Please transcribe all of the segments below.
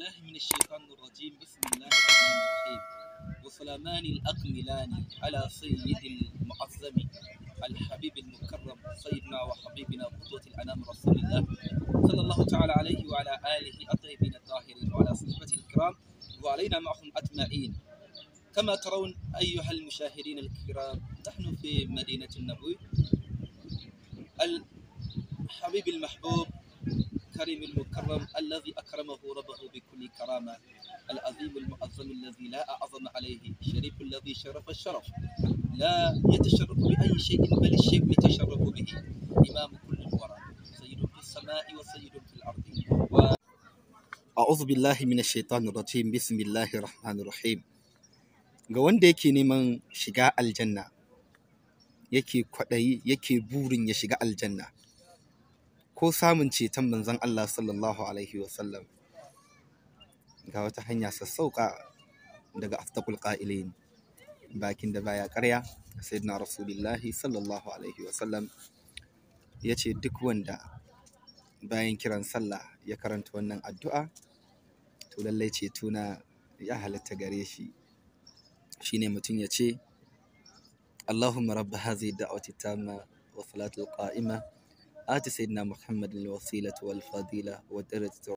بالله من الشيطان الرجيم بسم الله الرحمن الرحيم وسلمان الأكملان على سيد المعظم الحبيب المكرم سيدنا وحبيبنا قدوة الأنام رسول الله صلى الله تعالى عليه وعلى آله الطيبين الطاهرين وعلى صحبة الكرام وعلينا معهم أجمعين كما ترون أيها المشاهدين الكرام نحن في مدينة النبوي الحبيب المحبوب الكريم المكرم الذي أكرمه ربه بكل كرامة العظيم المعظم الذي لا أعظم عليه شريف الذي شرف الشرف لا يتشرف بأي شيء بل الشيء يتشرف به إمام كل الورى سيد في السماء وسيد في الأرض و... أعوذ بالله من الشيطان الرجيم بسم الله الرحمن الرحيم ga wanda yake neman shiga aljanna yake kwaɗayi yake burin ya shiga aljanna ko samun ceton manzon Allah sallallahu alaihi wasallam ga wata hanya sassauka daga aftakul ƙa'ilin bakin da baya ƙarya sayyidina rasulullahi sallallahu alaihi wasallam ya ce duk wanda bayan kiran sallah ya karanta wannan addu'a to lallai ce na ya halatta gare shi shine mutum ya ce Allahumma rabba hazi da'wati tamma wa salatul آت سيدنا محمد الوسيلة والفضيلة ودرجة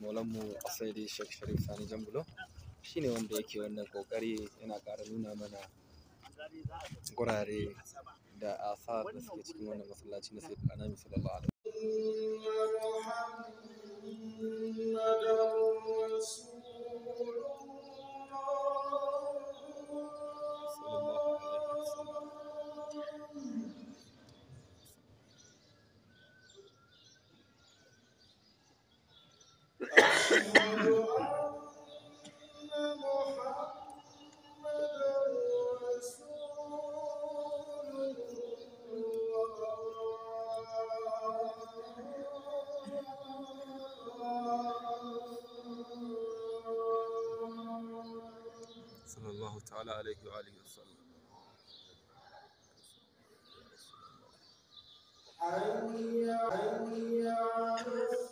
maulanmu asaidi shek sharif sani Jan shi ne wanda yake wannan kokari yana ƙara nuna mana gurare da asa da suke cikin wannan masallaci na sai kana sallallahu alaihi ta'ala alaihi wa alihi wasallam Hallelujah, hallelujah.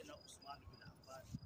Sayyidina Usman bin Affan